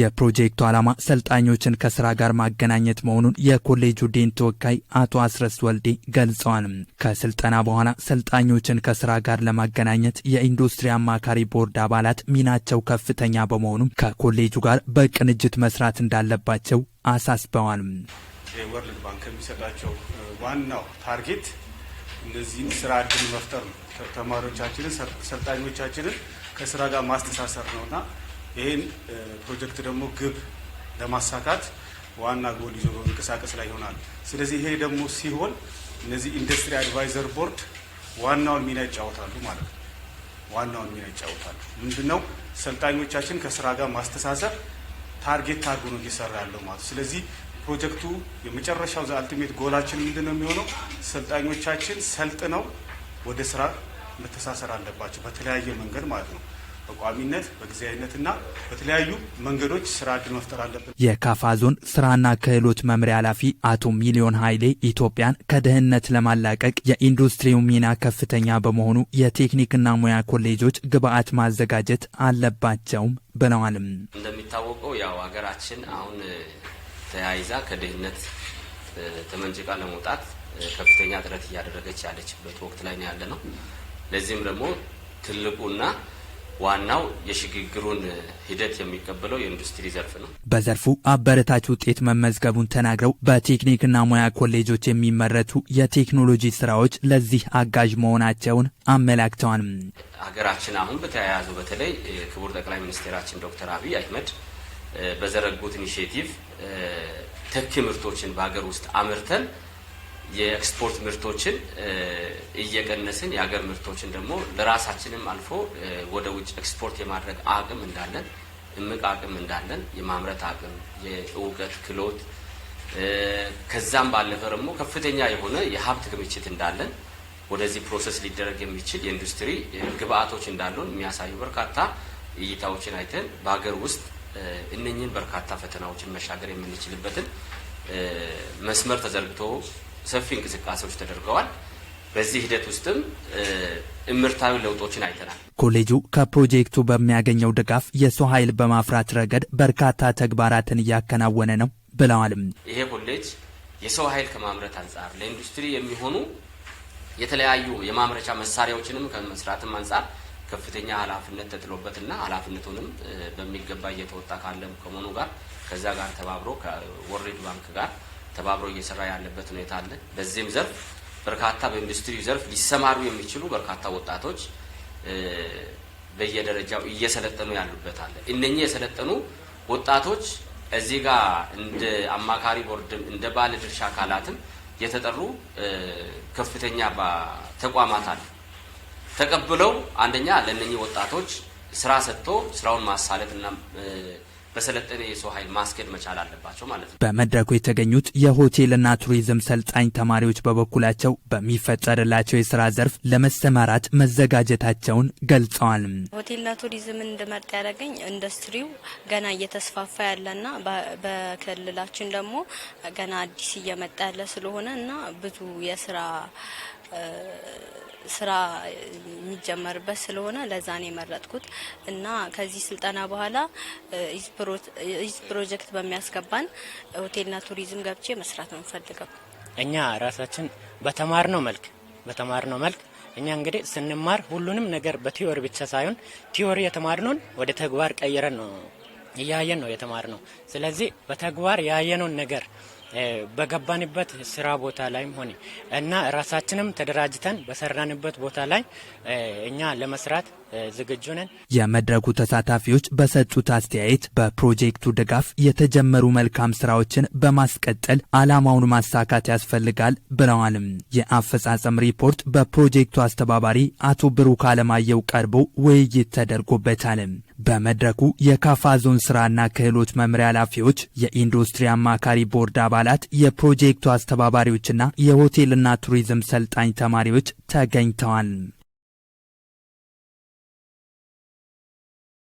የፕሮጀክቱ ዓላማ ሰልጣኞችን ከስራ ጋር ማገናኘት መሆኑን የኮሌጁ ዴን ተወካይ አቶ አስረስ ወልዴ ገልጸዋል። ከስልጠና በኋላ ሰልጣኞችን ከስራ ጋር ለማገናኘት የኢንዱስትሪ አማካሪ ቦርድ አባላት ሚናቸው ከፍተኛ በመሆኑም ከኮሌጁ ጋር በቅንጅት መስራት እንዳለባቸው አሳስበዋል። ወርልድ ባንክ የሚሰጣቸው ዋናው ታርጌት እነዚህም ስራ እድል መፍጠር ነው። ተማሪዎቻችንን ሰልጣኞቻችንን ከስራ ጋር ማስተሳሰር ነውና ይህን ፕሮጀክት ደግሞ ግብ ለማሳካት ዋና ጎል ይዞ በመንቀሳቀስ ላይ ይሆናል። ስለዚህ ይሄ ደግሞ ሲሆን እነዚህ ኢንዱስትሪ አድቫይዘር ቦርድ ዋናውን ሚና ይጫወታሉ ማለት ነው። ዋናውን ሚና ይጫወታሉ። ምንድነው ሰልጣኞቻችን ከስራ ጋር ማስተሳሰር ታርጌት ታርጎ ነው እየሰራ ያለው ማለት። ስለዚህ ፕሮጀክቱ የመጨረሻው አልቲሜት ጎላችን ምንድነው የሚሆነው? ሰልጣኞቻችን ሰልጥነው ወደ ስራ መተሳሰር አለባቸው በተለያየ መንገድ ማለት ነው። በቋሚነት በጊዜያዊነትና በተለያዩ መንገዶች ስራ እድል መፍጠር አለብን። የካፋ ዞን ስራና ክህሎት መምሪያ ኃላፊ አቶ ሚሊዮን ኃይሌ ኢትዮጵያን ከድህነት ለማላቀቅ የኢንዱስትሪው ሚና ከፍተኛ በመሆኑ የቴክኒክና ሙያ ኮሌጆች ግብአት ማዘጋጀት አለባቸውም ብለዋልም። እንደሚታወቀው ያው ሀገራችን አሁን ተያይዛ ከድህነት ተመንጭቃ ለመውጣት ከፍተኛ ጥረት እያደረገች ያለችበት ወቅት ላይ ነው ያለ ነው። ለዚህም ደግሞ ትልቁና ዋናው የሽግግሩን ሂደት የሚቀበለው የኢንዱስትሪ ዘርፍ ነው። በዘርፉ አበረታች ውጤት መመዝገቡን ተናግረው በቴክኒክና ሙያ ኮሌጆች የሚመረቱ የቴክኖሎጂ ስራዎች ለዚህ አጋዥ መሆናቸውን አመላክተዋል። ሀገራችን አሁን በተያያዙ በተለይ ክቡር ጠቅላይ ሚኒስቴራችን ዶክተር አብይ አህመድ በዘረጉት ኢኒሽቲቭ ተኪ ምርቶችን በሀገር ውስጥ አምርተን የኤክስፖርት ምርቶችን እየቀነስን የሀገር ምርቶችን ደግሞ ለራሳችንም አልፎ ወደ ውጭ ኤክስፖርት የማድረግ አቅም እንዳለን እምቅ አቅም እንዳለን የማምረት አቅም፣ የእውቀት ክሎት ከዛም ባለፈ ደግሞ ከፍተኛ የሆነ የሀብት ክምችት እንዳለን ወደዚህ ፕሮሰስ ሊደረግ የሚችል የኢንዱስትሪ ግብአቶች እንዳሉን የሚያሳዩ በርካታ እይታዎችን አይተን በሀገር ውስጥ እነኝህን በርካታ ፈተናዎችን መሻገር የምንችልበትን መስመር ተዘርግቶ ሰፊ እንቅስቃሴዎች ተደርገዋል። በዚህ ሂደት ውስጥም እምርታዊ ለውጦችን አይተናል። ኮሌጁ ከፕሮጀክቱ በሚያገኘው ድጋፍ የሰው ኃይል በማፍራት ረገድ በርካታ ተግባራትን እያከናወነ ነው ብለዋልም። ይሄ ኮሌጅ የሰው ኃይል ከማምረት አንጻር ለኢንዱስትሪ የሚሆኑ የተለያዩ የማምረቻ መሳሪያዎችንም ከመስራትም አንጻር ከፍተኛ ኃላፊነት ተጥሎበትና ኃላፊነቱንም በሚገባ እየተወጣ ካለም ከመሆኑ ጋር ከዛ ጋር ተባብሮ ከወርልድ ባንክ ጋር ተባብሮ እየሰራ ያለበት ሁኔታ አለ። በዚህም ዘርፍ በርካታ በኢንዱስትሪ ዘርፍ ሊሰማሩ የሚችሉ በርካታ ወጣቶች በየደረጃው እየሰለጠኑ ያሉበት አለ። እነኚህ የሰለጠኑ ወጣቶች እዚህ ጋር እንደ አማካሪ ቦርድም እንደ ባለ ድርሻ አካላትም የተጠሩ ከፍተኛ ተቋማት አሉ። ተቀብለው አንደኛ ለእነኚህ ወጣቶች ስራ ሰጥቶ ስራውን ማሳለጥና በሰለጠነ የሰው ኃይል ማስኬድ መቻል አለባቸው ማለት ነው። በመድረኩ የተገኙት የሆቴልና ቱሪዝም ሰልጣኝ ተማሪዎች በበኩላቸው በሚፈጠርላቸው የስራ ዘርፍ ለመሰማራት መዘጋጀታቸውን ገልጸዋል። ሆቴልና ቱሪዝም እንድመርጥ ያደረገኝ ኢንዱስትሪው ገና እየተስፋፋ ያለና በክልላችን ደግሞ ገና አዲስ እየመጣ ያለ ስለሆነ እና ብዙ የስራ ስራ የሚጀመርበት ስለሆነ ለዛ ነው የመረጥኩት እና ከዚህ ስልጠና በኋላ ኢዝ ፕሮጀክት በሚያስገባን ሆቴልና ቱሪዝም ገብቼ መስራት ነው የምፈልገው። እኛ ራሳችን ነው መልክ ነው መልክ እኛ እንግዲህ ስንማር ሁሉንም ነገር በቲዮሪ ብቻ ሳይሆን ቲዮሪ የተማርነውን ወደ ተግባር ቀይረን ነው እያየን ነው ነው። ስለዚህ በተግባር ያየነውን ነገር በገባንበት ስራ ቦታ ላይም ሆነ እና ራሳችንም ተደራጅተን በሰራንበት ቦታ ላይ እኛ ለመስራት ዝግጁ ነን። የመድረኩ ተሳታፊዎች በሰጡት አስተያየት በፕሮጀክቱ ድጋፍ የተጀመሩ መልካም ስራዎችን በማስቀጠል አላማውን ማሳካት ያስፈልጋል ብለዋልም። የአፈጻጸም ሪፖርት በፕሮጀክቱ አስተባባሪ አቶ ብሩክ አለማየሁ ቀርቦ ውይይት ተደርጎበታል። በመድረኩ የካፋ ዞን ስራና ክህሎት መምሪያ ኃላፊዎች፣ የኢንዱስትሪ አማካሪ ቦርድ አባላት፣ የፕሮጀክቱ አስተባባሪዎችና የሆቴልና ቱሪዝም ሰልጣኝ ተማሪዎች ተገኝተዋል።